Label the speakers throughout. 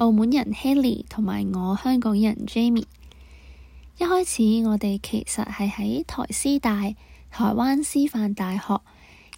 Speaker 1: 澳門人 Helly 同埋我，香港人 Jamie，一開始我哋其實係喺台師大台灣師範大學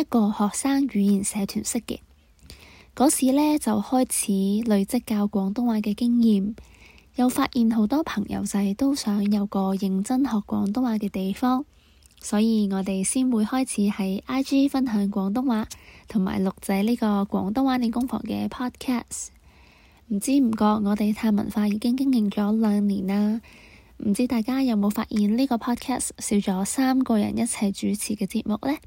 Speaker 1: 一個學生語言社團識嘅。嗰時呢，就開始累積教廣東話嘅經驗，又發現好多朋友仔都想有個認真學廣東話嘅地方，所以我哋先會開始喺 IG 分享廣東話，同埋錄製呢個廣東話練功房嘅 Podcast。唔知唔覺，我哋嘆文化已經經營咗兩年啦。唔知大家有冇發現呢個 podcast 少咗三個人一齊主持嘅節目呢？呢、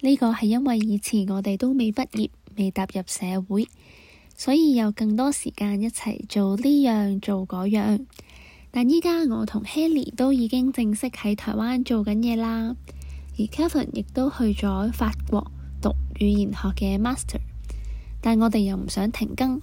Speaker 1: 呢個係因為以前我哋都未畢業，未踏入社會，所以有更多時間一齊做呢樣做嗰樣。但而家我同 Haley 都已經正式喺台灣做緊嘢啦，而 Kevin 亦都去咗法國讀，讀語言學嘅 master，但我哋又唔想停更。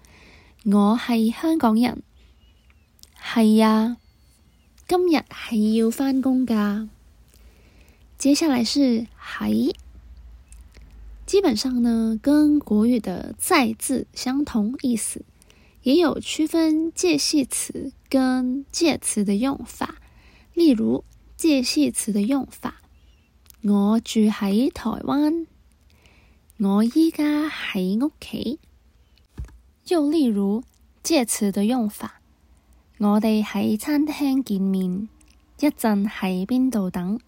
Speaker 1: 我係香港人，係啊，今日係要返工㗎。接下來是喺，基本上呢跟國語的在字相同意思，也有區分介系詞跟介詞的用法。例如介系詞的用法，我住喺台灣，我依家喺屋企。就例如，介詞的用法，我哋喺餐廳見面，一陣喺邊度等。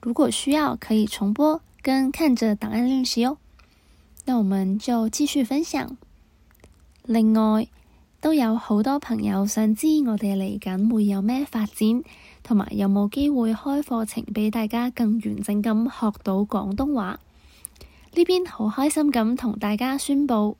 Speaker 1: 如果需要，可以重播跟看着檔案練習哦。那我們就繼續分享。另外，都有好多朋友想知我哋嚟緊會有咩發展，同埋有冇機會開課程畀大家更完整咁學到廣東話。呢邊好開心咁同大家宣布。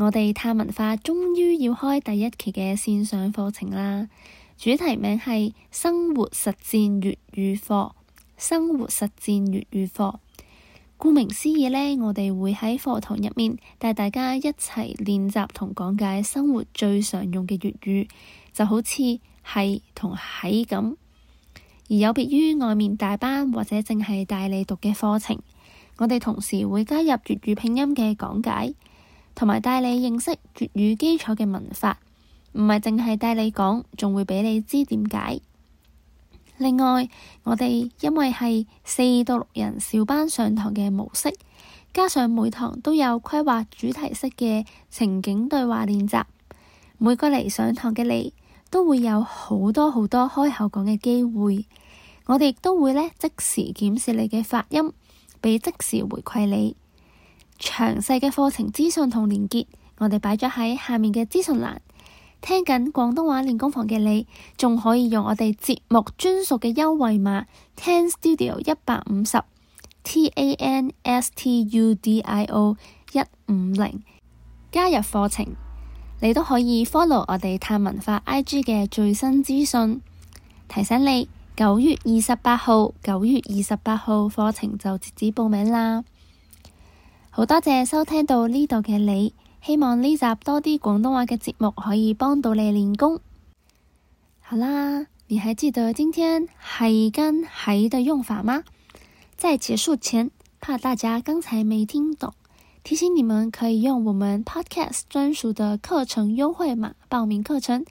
Speaker 1: 我哋探文化終於要開第一期嘅線上課程啦，主題名係生活實戰粵語課。生活實戰粵語課，顧名思義呢，我哋會喺課堂入面帶大家一齊練習同講解生活最常用嘅粵語，就好似係同喺咁。而有別於外面大班或者淨係帶你讀嘅課程，我哋同時會加入粵語拼音嘅講解。同埋帶你認識粵語基礎嘅文法，唔係淨係帶你講，仲會畀你知點解。另外，我哋因為係四到六人小班上堂嘅模式，加上每堂都有規劃主題式嘅情景對話練習，每個嚟上堂嘅你都會有好多好多開口講嘅機會。我哋都會咧即時檢視你嘅發音，畀即時回饋你。詳細嘅課程資訊同連結，我哋擺咗喺下面嘅資訊欄。聽緊廣東話練功房嘅你，仲可以用我哋節目專屬嘅優惠碼，tanstudio 一百五十，T A N S T U D I O 一五零加入課程。你都可以 follow 我哋嘆文化 I G 嘅最新資訊。提醒你九月二十八號，九月二十八號課程就截止報名啦。好多謝收聽到呢度嘅你，希望呢集多啲廣東話嘅節目可以幫到你練功。好啦，你還記得今天係跟喺嘅用法嗎？在結束前，怕大家剛才沒聽懂，提醒你們可以用我們 Podcast 專屬嘅課程優惠碼報名課程，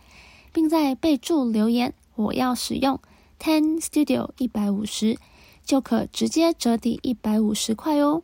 Speaker 1: 並在備注留言我要使用 Ten Studio 一百五十，就可直接折抵一百五十塊哦。